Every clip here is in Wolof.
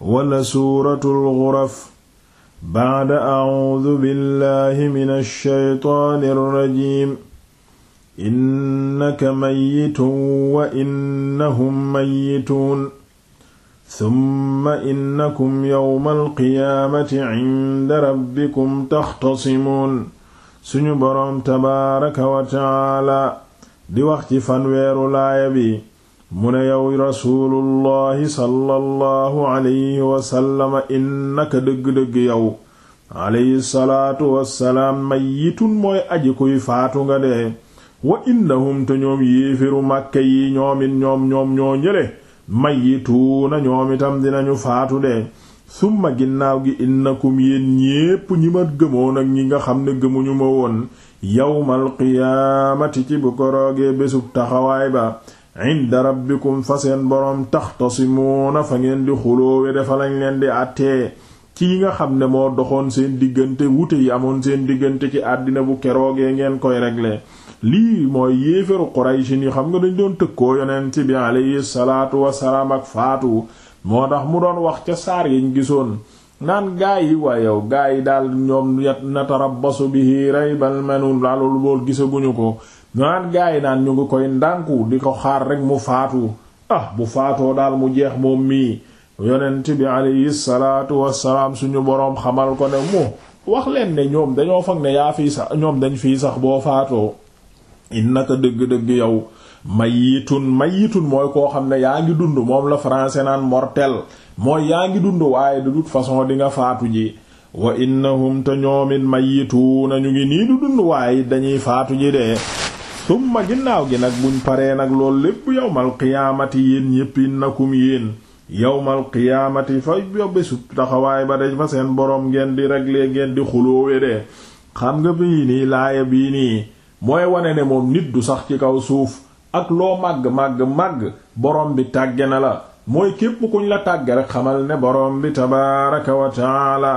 wala suuratul ghuraf ba'da a'uudu billahi mina shaytaani rajiim innaka mayyitun wa innahum mayyituun summa innakum yawmal qiyaamati 'inda rabbikum taxtasimuun suñu boroom tabaaraka wa ta'aala di wax ci fanweeru laaya bi mu ne yow rasulullahi sallallahu alayhi wasallama innaka dëgg-dëgg yow alayhi salaatu wassalaam mayyitun mooy aji kuy faatu nga dee wa innahum te ñoom yéefiru màkke yi ñoomit ñoom ñoo ñële mayyituuna ñoom itam dinañu faatu dee summa ginnaaw gi innakum yéen ñépp ñi ma gëmoon ak ñi nga xam ne gëmuñu ma woon yawmal qiyaamati ci bu koroogee bésub taxawaay ba inda rabbikum fa seen boroom taxtasimuuna fa ngeen di xuloowe dafa lañ leen di àttee ci yi nga xam ne moo doxoon seen diggante wute yi amoon seen diggante ci àddina bu keroogee ngeen koy régler lii mooy yéefaru Quraysin yi xam nga dañ doon tëkkoo yonent bi alayhi salaatu wasalaam ak faatu moo tax mu doon wax ca saar yiñ gisoon naan gaa yi waa gaa yi daal ñoom yat natarabbasu bihi raybal manun laalul bool gisaguñu ko naan gaa yi naan ñu ngi koy ndànku di ko xaar rek mu faatu ah bu faatoo daal mu jeex moom mii yonent bi alayhi suñu boroom xamal ko ne mu wax leen ne ñoom dañoo foog ne yaa fii sax ñoom dañ fii sax boo faatoo innaka dëgg-dëgg yow mayitun mayitun mooy koo xam ne yaa ngi dund moom la français naan mortel mooy yaa ngi dund waaye de toute façon di nga faatu ji wa innahum te ñoomit mayituuna ñu ngi nii du dund waaye dañuy faatu ji summa ginnaaw gi nag buñ paree nag loolu lépp yawmal qiyaamati yéen ñépp innakum yéen yawmal qiyaamati fa bésu taxawaay ba de fa seen boroom ngeen di régler ngeen di xulóowe de xam nga bii nii laaya bii nii mooy wane ne moom nit du sax ci kaw suuf ak loo màgg-màgg-màgg boroom bi tàgge na la mooy képp kuñ la tàgge rek xamal ne boroom bi tabaaraka wa taala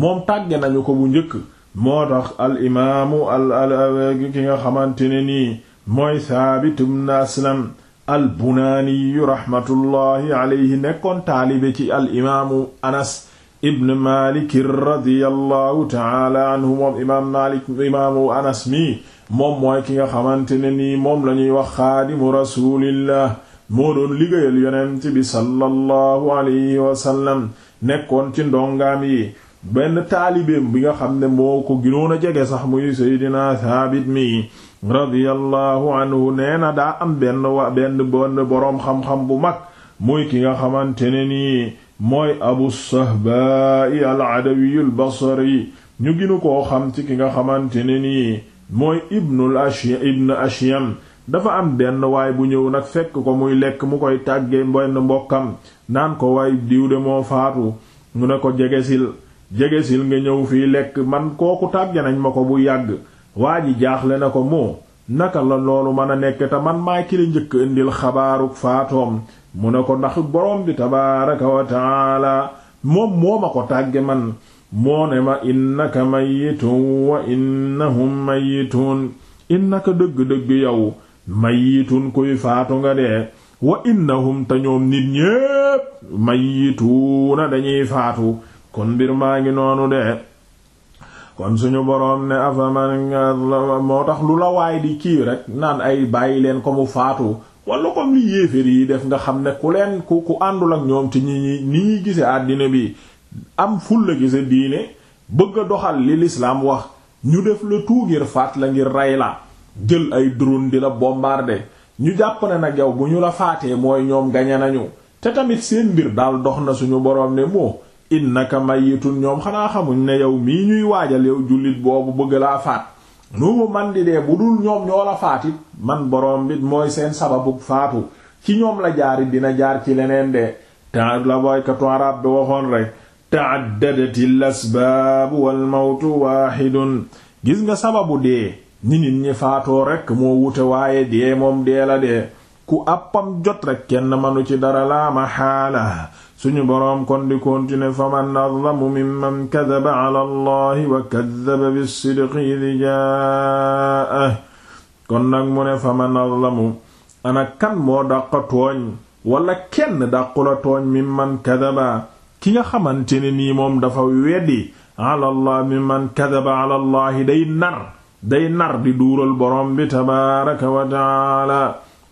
moom tàgge nañu ko bu njëkk moo tax al imaamu al al ki nga xamante ne nii mooy Saabit ibn Aslam al bunaaniyu raxmatullahi alayhi nekkoon taalibe ci al imaamu Anas ibn Maalik radiyallahu taala anhu moom imaam Maalik imaamu Anas mi moom mooy ki nga xamante ne nii moom la ñuy wax xaadimu rasulillah moo doon liggéeyal yonent bi sallallahu alayhi wa sallam nekkoon ci ndongaam yi benn taalibeem bi nga xam ne moo ko ginoon a jege sax muy Seydina Saabit mi radiyallahu anhu nee na daa am benn boroom xam bu mag muy ki nga xamante ne nii mooy Abu Sahbaa'i koo xam ki nga xamante ne nii mooy ibnul dafa am benn waay bu ñëw nag fekk ko muy lekk mu koy tàggee benn mbokkam naan ko waay diw moo faatu mu ne ko jegesil jege sil nga ñëw fii lekk man kooku tàgge nañ ma ko bu yàgg waa ji jaaxle na ko moo naka la loolu man a nekk te man maa ki la njëkk indil xabaaru faatoom mu ne ko ndax borom bi tabaaraka wa taala moom moo ma ko tàgge man moo ne ma innaka mayitun wa innahum mayitun innaka dëgg-dëgg yow mayitun kuy faatu nga dee wa innahum te ñoom nit ñépp mayituuna dañuy faatu kon mbir maa ngi noonu de kon suñu boroom ne afaman moo tax lu la waay di kii rek naan ay bàyyi leen ko mu faatu walla comme li yéeféer yi def nga xam ne ku leen ku àndul ak ñoom ci ñi ñi ni ñuy gise àddina bi am fulla gi sa diine bëgg a doxal li lislaam wax ñu def la tout ngir faat la ngir rey la jël ay drone di la bombarder ñu jàpp ne nag yow bu ñu la faatee mooy ñoom gañe nañu te tamit seen mbir daal dox na suñu boroom ne moo innaka mayitu ñoom xanaa xamuñ ne yow mii ñuy waajal yow jullit boobu bëgg laa faat nu mu man di dee bu dul ñoom ñoo la faatit man borom bi mooy seen sababu faatu ci ñoom la jaarit dina jaar ci leneen de ta la boykatu arab bi waxoon rek ta'addadatil asbaab wal mawtu waahidun gis nga sababu dee ni nit ñi faatoo rekk moo wute waaye dee moom dee la dee ku àppam jot rek kenn manu ci dara la mahaala suñu boroom kon di continuer faman adlamu mi kadaba ala allahi wa kadaba bisidqi id jaah kon nag mu ne faman adlamu ana kan moo dàqa tooñ wala kenn dàqula tooñ man kadaba ki nga xamante ne nii moom dafa weddi ala allah mimman kadaba day nar day nar di duural boroom bi tabaaraka wa taala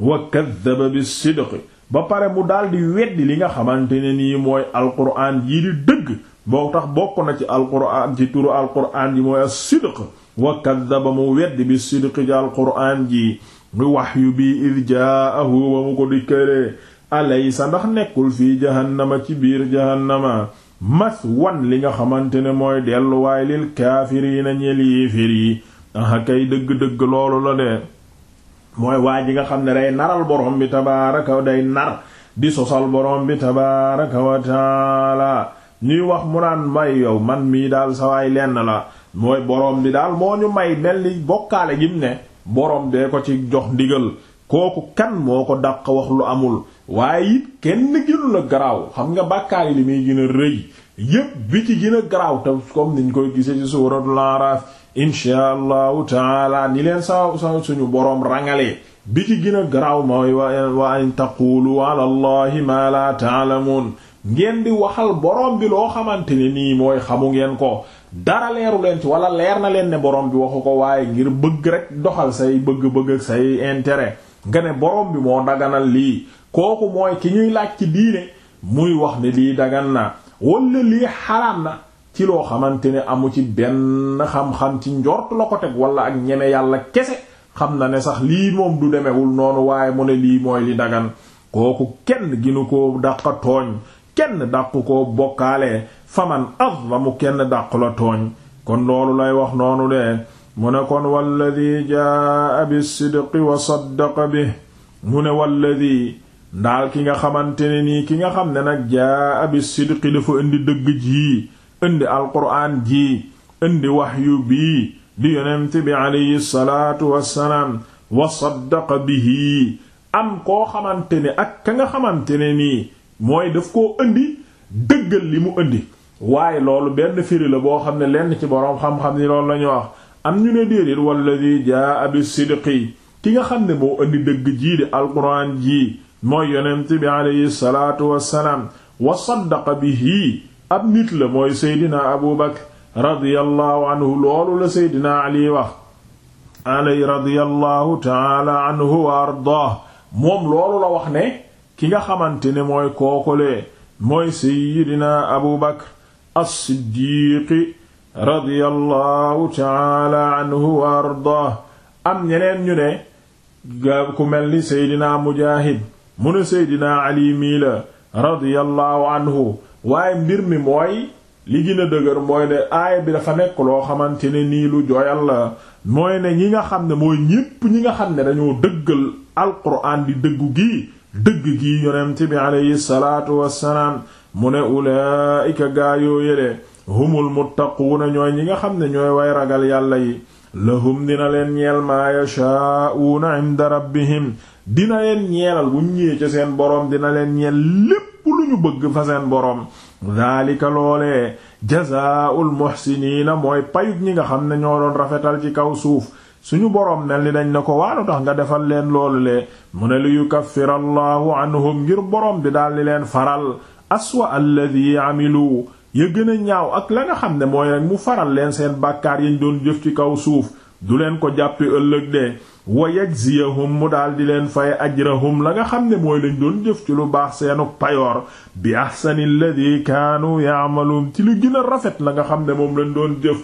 wa kadaba bisidqi ba pare mu daldi weddi li nga xamante ne nii mooy alquran yi di dëgg boo tax bokk na ci alquran ci turu alquran yi mooy as-sidq wa kaddaba mu weddi bi sidq ci alquran ji bi wahyu bi id jaahu ba mu ko dikkalee alaysa ndax nekkul fii jahannama ci biir jahannama mas wan li nga xamante ne mooy delluwaay lil kaafiriina ñeel yi aha kay dëgg-dëgg loolu la de mooy waa ji nga xam ne day naral borom bi tabaaraka day nar di sosal borom bi tabaaraka wa taala ñuy wax mu naan may yow man mii daal sawaay lenn la mooy borom bi daal moo ñu may mel ni bokkaale gi mu ne borom dee ko ci jox ndigal kooku kan moo ko dàq wax lu amul waaye it kenn ginu la garaaw xam nga bàkkaar li muy gën rëy yépp bi ci gën garaaw ta comme niñ koy gisee ci suuratul Araf insha allahu taala ni leen sa suñu borom rangalee bi ci gina garaaw mooy wa an taqulu ala allahi ma la taalamuun ngeen di waxal borom bi loo xamante ne nii mooy xamu ngeen ko dara leeru leen ci wala leer na leen ne borom bi waxu ko waaye ngir bëgg rek doxal say bëgg-bëgg say intérêt nga ne boroom bi moo daganal lii kooku mooy ki ñuy laaj ci diine muy wax ne lii dagan naa wala lii xaraam na ci loo xamante ne amu ci benn xam-xam ci njort la ko teg walla ak ñeme yàlla kese xam na ne sax lii moom du demewul noonu waaye mu ne lii mooy li dagan kooku kenn ginu ko dàq tooñ kenn dàq ko bokkaale faman azlamu kenn dàq la tooñ kon loolu lay wax noonu de mu ne kon walladi jaa bisidqi wa saddaqa bi mu ne walladi ndaal ki nga xamante ne nii ki nga xam ne nag jaa abi sidqi dafa indi dëgg jii indi alquraan jii indi waxyu bii di yonent bi aleyhi salaatu wassalaam wa saddaqa bihi am koo xamante ne ak ka nga xamante ne nii mooy daf koo ëndi dëggal li mu indi waaye loolu benn firi la boo xam ne lenn ci boroom xam-xam ni loolu lañu wax am ñu ne déedéet walladi jaa abi ki nga xam ne moo indi dëgg jii di alquraan jii mooy yonent bi aleyhi salaatu wassalaam wa saddaqa bihi ab nit la mooy seydina abu bakar anhu loolu la seydina ali wax aley radiyallahu taala anhu wa ardaah moom loolu la wax ne ki nga xamante ne mooy kookole mooy seydina abu bakar siddiiqi radiyallahu taala anhu wa ardaah am ñeneen ñu ku mel ni seydina mujaahid mu ne Seydina Ali mii la radiyallahu anhu waaye mbir mi mooy li gën dëgër mooy ne aaya bi dafa nekk loo xamante ne nii lu jooyal la mooy ne ñi nga xam ne mooy ñépp ñi nga xam ne dañoo dëggal alquran di dëggu gi dëgg gii yonent bi aleyhi salaatu wassalaam mu ne ulaayika gaayoo yéle humul muttaquuna ñooy ñi nga xam ne ñooy way ragal yàlla yi lahum dina leen ñeel maa yashaa'uuna inda rabbihim dina leen ñeelal bu ñëwee ca seen boroom dina leen ñeel lépp lu ñu bëgg fa seen boroom daalika loolee jazaa'ul muhsiniina mooy payug ñi nga xam ne ñoo doon rafetal ci kaw suuf suñu boroom mel ni dañ ne ko waalu tax nga defal leen loolu le mu ne li yukaffira allahu anhum ngir boroom bi daal di leen faral aswa yi amilu ya gën a ñaaw ak la nga xam ne mooy rek mu faral leen seen bàkkaar yañ doon jëf ci kaw suuf du leen ko jàppi ëllëg de wa yajziyahum mu daal di leen fay ajrahum la nga xam ne mooy lañ doon jëf ci lu baax seenu payoor bi ahsani alladhi kaanu yamalu ci lu gën rafet la nga xam ne moom lañ doon jëf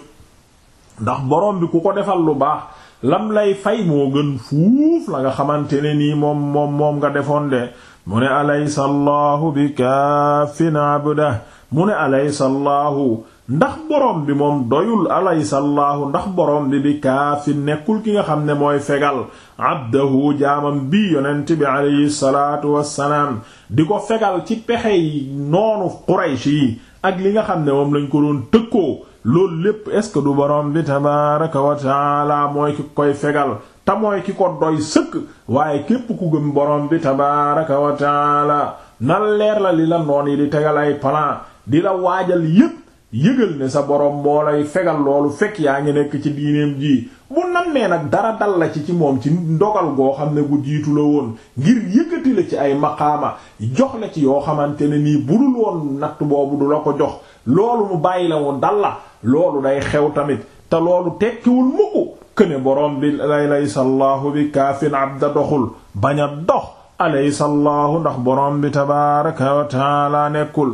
ndax borom bi ku ko defal lu baax lam lay fay moo gën fuuf la nga xamante ne nii moom moom nga defoon de mu ne alaysa allahu bi kaafin abdah mu ne alaysa allahu ndax borom bi moom doyul alaysa allahu ndax borom bi bi kaafin nekkul ki nga xam ne mooy fegal abdahu jaamam bi yonent bi alayhi salaatu wassalaam di ko fegal ci pexe yi noonu quraysh yi ak li nga xam ne moom lañ ko doon tëkkoo loolu lépp est ce que du borom bi tabaaraka wa mooy ki koy fegal te ki ko doy sëkk waaye képp ku gëm borom bi tabaaraka wa taala na leer la li la noon yi di tegal ay plan di la waajal yépp yëgal ne sa borom moo lay fegal loolu fekk yaa ngi nekk ci diineem ji bu nammee nag dara dal la ci ci moom ci ndogal goo xam ne gu jiitu la woon ngir yëkkati ci ay maqaama jox la ci yoo xamante ne nii budul woon natt boobu du la ko jox loolu mu bàyyi la woon dal la loolu day xew tamit te loolu tekkiwul mukk këne borom bi laysa allahu bi kaafin abda doxul bañ a dox alaysa allahu ndax borom bi tabaaraka wa taala nekkul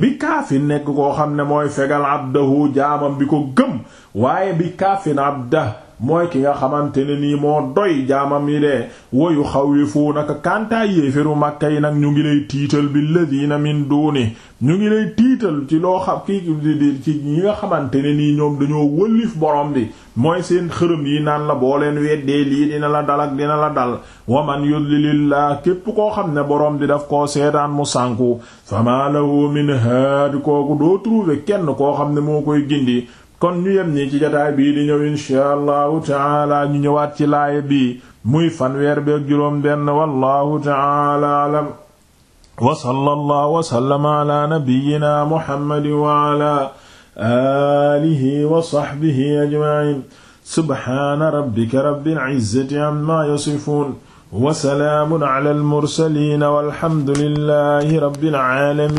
bi kaafin nekk koo xam ne mooy fegal abdahu jaabam bi ko gëm waaye bi kaafin abda mooy ki nga xamante ne nii moo doy jaamam yi de woyu xawifuunaka kantaa yéeféru màkka yi nag ñu ngi lay tiital bi na min duuni ñu ngi lay tiital ci loo xam ki ci ñi nga xamante ne nii ñoom dañoo wëllif borom bi mooy seen xërëm yi naan la boo leen weddee lii dina la dal ak dina la dal waman yudlilillah képp koo xam ne borom di daf koo seedaan mu sànku fama lahu min haad kooku doo trouver kenn koo xam ne moo koy gindi kon ñu yem ñi ci jotaay bii di ñëw inshaa allahu taala ñu ñëwaat ci laaya bii muy fanweer bi ak juróom benn wallahu taala alam wa sallallahu wa sallama ala nabiyyina muhammad wa ala alihi wa sahbihi ajma'in subhana rabbika rabbil izzati amma yasifun wa salaamun ala al mursalin walhamdulillahi rabbil alamin